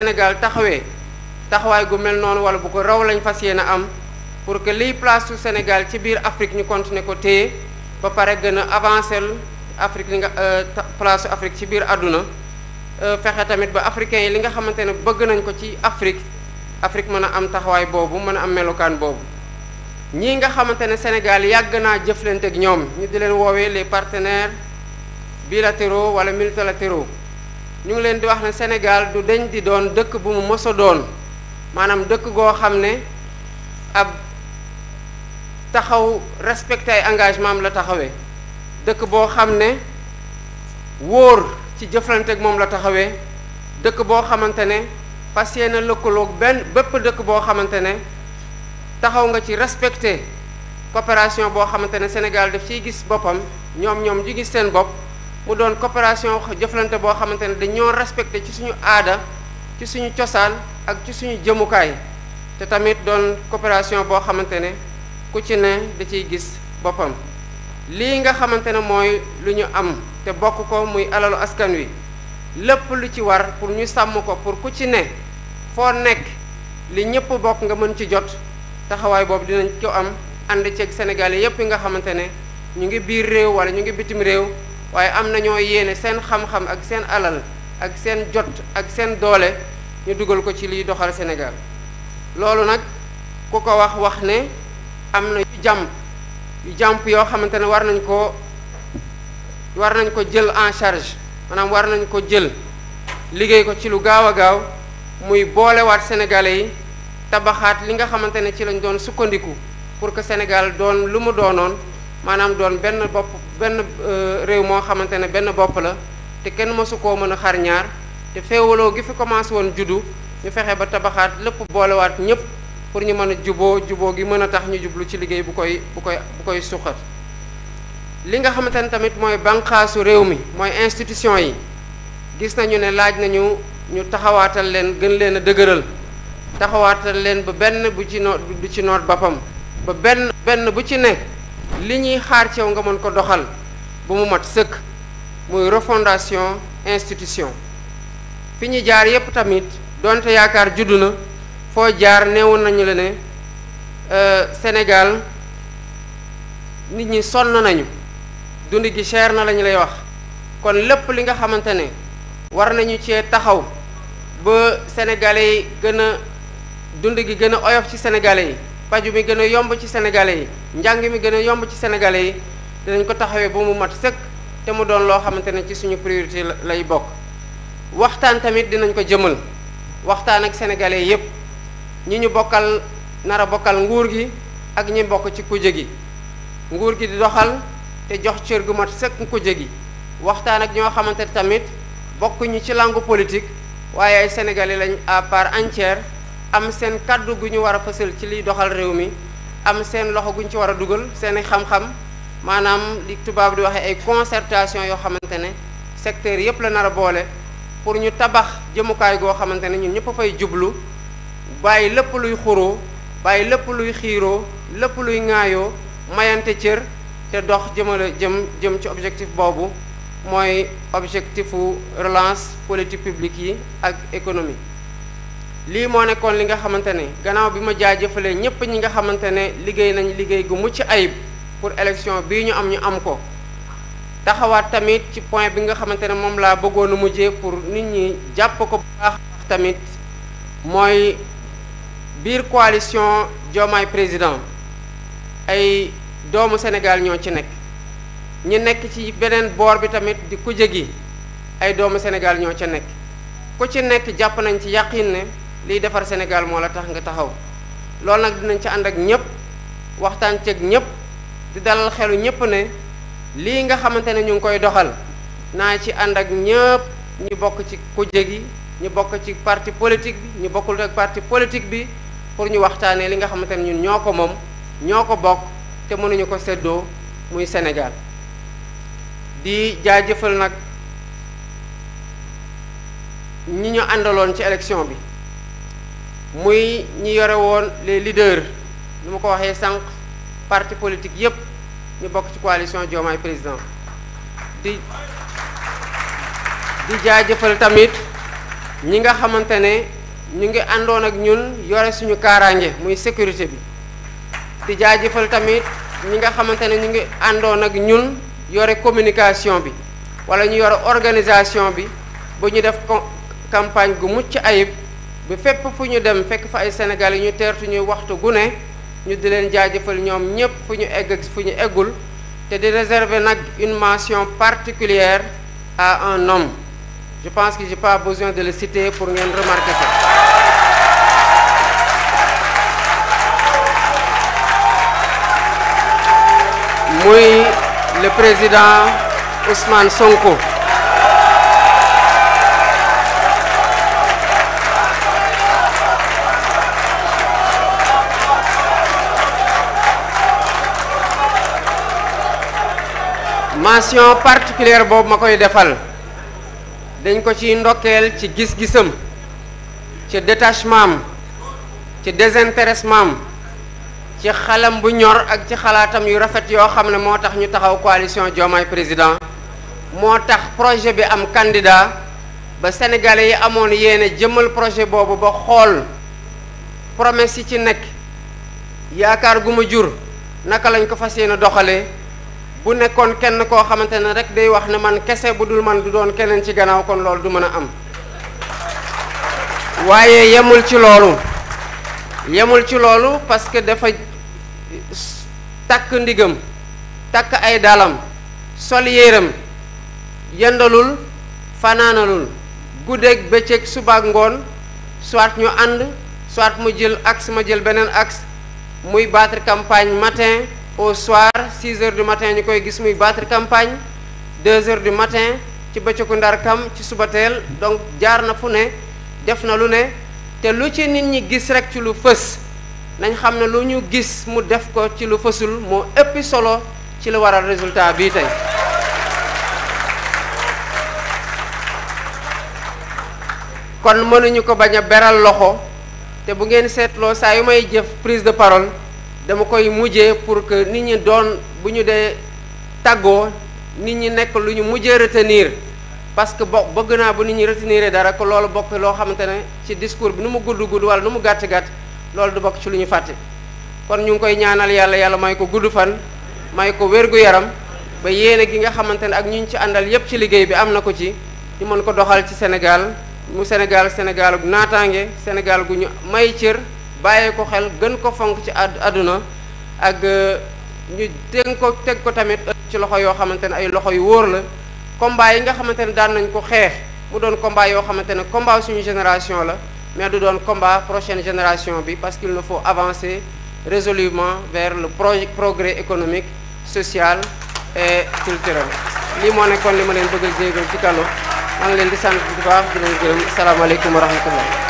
Sénégal taxawee taxawaay gu mel noonu wala bu ko raw lañ fas yéene am pour que liy place su Sénégal ci biir Afrique ñu continuer ko té ba pare gën a avancer Afrique li nga euh, place Afrique ci biir àdduna euh, fexe tamit ba africains yi li nga xamante ne bëgg nañ ko ci Afrique Afrique mën a am taxawaay boobu mën a am melokaan boobu ñii nga xamante ne Sénégal yàgg naa jëflante ak ñoom ñu di leen woowee les partenaires bilatéraux wala multilatéraux ñu ngi leen di wax ne Sénégal du deñ di doon dëkk bu mu mës doon maanaam dëkk goo xam ne ab taxaw respecté ay engagement am la taxawee dëkk boo xam ne wóor ci jëflante ak moom la taxawee dëkk boo xamante ne fas na lëkkaloog benn bépp dëkk boo xamante ne taxaw nga ci respecté coopération boo xamante ne Sénégal daf ciy gis boppam ñoom ñoom ju gis seen bopp mu doon coopération jëflante boo xamante ne dañoo respecté ci suñu aada ci suñu cosaan ak ci suñu jëmukaay te tamit doon coopération boo xamante ne ku ci ne da ciy gis boppam lii nga xamante ne mooy lu ñu am te bokk ko muy alalu askan wi lépp lu ci war pour ñu sàmm ko pour ku ci ne foo nekk li ñëpp bokk nga mën ci jot taxawaay boobu dinañ ko am ànd ci ceeg Sénégal yépp yi nga xamante ne ñu ngi biir réew wala ñu ngi bitim réew waaye am na ñoo yéene seen xam-xam ak seen alal ak seen jot ak seen doole ñu dugal ko ci liy doxal Sénégal loolu nag ku ko wax wax ne am na yu jàmp yu jàmp yoo xamante ne war nañ ko war nañ ko jël en charge maanaam war nañ ko jël liggéey ko ci lu gaaw a gaaw muy boolewaat sénégalais yi tabaxaat li nga xamante ne ci lañ doon sukkandiku pour que Sénégal doon lu mu doonoon maanaam doon benn bopp benn euh, réew moo xamante ne benn bopp la te kenn mësu koo mën a xar te féewaloo gi fi commencé woon juddu ñu fexe ba tabaxaat lépp boolewaat ñëpp pour ñu mën a juboo juboo gi mën a tax ñu jublu ci liggéey bu koy bu koy bu koy suqat li nga xamante ne tamit mooy banqaasu réew mi mooy institution yi gis nañu ne laaj nañu ñu taxawaatal leen gën leen a dëgëral taxawaatal leen ba benn bu ci noot bu ci noot boppam ba benn bu ci nekk li ñuy xaar ci nga mën ko doxal ba mu mat sëkk muy refondation institution fi ñu jaar yépp tamit donte yaakaar juddu na foo jaar neewoon nañu la ne euh, Sénégal nit ñi sonn nañu dund gi cher na lañu lay wax kon lépp li nga xamante ne war nañu cee taxaw ba sénégalais yi gën a dund gi gën a oyof ci sénégalais yi paju mi gën a yomb ci sénégalais yi njàng mi gën a yomb ci sénégalais yi dinañ ko taxawee ba mu mat sëkk te mu doon loo xamante ne ci suñu priorité lay bokk waxtaan tamit dinañ ko jëmal waxtaan ak sénégalais yépp ñi ñu bokkal nar a bokkal nguur gi ak ñi bokk ci kuje gi nguur gi di doxal te jox cër gu mat sëkk kuje gi waxtaan ak ñoo xamante ne tamit bokkuñu ci langue politique waaye ay sénégalais lañ à part entière am seen kàddu gu ñu war a fësal ci liy doxal réew mi am seen loxo gu ñu ci war a dugal seeni xam-xam maanaam li tubaab di waxee ay concertation yoo xamante ne secteurs yëpp la nar a boole pour ñu tabax jëmukaay goo xamante ne ñun ñëpp a fay jublu bàyyi lépp luy xuroo bàyyi lépp luy xiiroo lépp luy ŋaayoo mayante cër te dox jëmale jëm jëm ci objectif boobu mooy objectifu relance politique publique yi ak économie lii moo nekkoon li nga xamante ne gannaaw bi ma jëfalee ñépp ñi nga xamante ne liggéey nañ liggéey gu mucc ayib pour élection bii ñu am ñu am ko taxawaat tamit ci point bi nga xamante ne moom laa bëggoon a pour nit ñi jàpp ko baax tamit mooy biir coalition Diomaye président ay doomu Sénégal ñoo ci nekk ñi nekk ci beneen boor bi tamit di kuje gi ay doomu Sénégal ñoo ca nekk ku ci nekk jàpp nañ ci yàqin ne liy defar Sénégal moo la tax nga taxaw loolu nag dinañ ci ànd ak ñëpp waxtaan ceeg ñëpp di dalal xelu ñëpp ne lii nga xamante ne ñu ngi koy doxal naa ci ànd ak ñëpp ñu bokk ci kujje gi ñu bokk ci parti politique bi ñu bokkul ak parti politique bi pour ñu waxtaanee li nga xamante ne ñun ñoo ko moom ñoo ko bokk te mënuñu ko séddoo muy Sénégal di jaajëfal nag ñi ñu àndaloon ci élection bi muy ñi yore woon les leaders nu ma ko waxee sànq parti politique yépp ñu bokk ci coalition Diomaye président di di jaajëfal tamit ñi nga xamante ne ñu ngi àndoon ak ñun yore suñu kaaraange muy sécurité bi di jaajëfal tamit ñi nga xamante ne ñu ngi àndoon ak ñun yore communication bi wala ñu yore organisation bi ba ñu def campagne gu mucc ayib ba fépp fu ñu dem fekk fa ay Sénégal yi ñu teertu ñuy waxtu gu ne ñu di leen jaajëfal ñoom ñépp fu ñu egg fu ñu eggul te di réserver nag une mention particulière à un homme je pense que j'ai pas besoin de le citer pour ngeen remarquer ça muy le président Ousmane Sonko mention particulière boobu ma koy defal dañ ko ciy ndokkeel ci gis-gisam ci détachement ci désintéressement am ci xalam bu ñor ak ci xalaatam yu rafet yoo xam ne moo tax ñu taxaw coalition Diomaye président moo tax projet bi am candidat ba sénégalais yi amoon yéene jëmmal projet boobu ba xool promesse yi ci nekk yaakaar gu jur naka lañ ko fas yéene doxalee bu nekkoon kenn koo xamante ne rek day wax ne man kese bu dul man du doon keneen ci gannaaw kon loolu du mën a am waaye yemul ci loolu yemul ci loolu parce que dafa takk ndigam takk ay dalam sol yéeram yëndalul fanaanalul guddeeg bëccëg subaak ngoon soit ñu ànd soit ma jël axe ma jël beneen axe muy battre campagne matin au soir 6 heures du matin ñu koy gis muy battre campagne 2 heures du matin ci bëccëgu ndar kam ci suba teel donc jaar na fu ne def na lu ne te lu ci nit ñi gis rek ci lu fës nañ xam ne lu ñu gis mu def ko ci lu fësul moo ëpp solo ci la waral résultat bii tey kon mënuñu ko bañ a beral loxo te bu ngeen seetloo saa yu may jëf prise de parole dama koy mujjee pour que nit ñi doon bu ñu dee tàggoo nit ñi nekk lu ñu mujjee retenir parce que bo bëgg naa bu nit ñi retenir dara ko loolu bokk loo xamante ne ci discours bi nu mu gudd gudd wala nu mu gàtt gàtt loolu du bokk ci lu ñu fàtte kon ñu ngi koy ñaanal yàlla yàlla may ko gudd fan may ko wér-gu-yaram ba yéene gi nga xamante ne ak ñu ci àndal yépp ci liggéey bi am na ko ci ñu mën ko doxal ci senegal mu Sénégal Sénégal gu naataange Sénégal gu ñu bàyyee ko xel gën ko fonk ci àdduna ak euh, ñu teg ko teg ko tamit ci loxo yoo xamante ne ay loxo yu wóor la combat yi nga xamante ne daan nañ ko xeex mu doon combat yoo xamante ne combat suñu génération la mais du doon combat prochaine génération bi parce qu'il nous faut avancer résolument vers le projet progrès économique social et culturel lii moo nekkoon li ma leen bëgg a jéegal ci kano maa ngi leen di sant bu baax di leen gërëm salaamaaleykum wa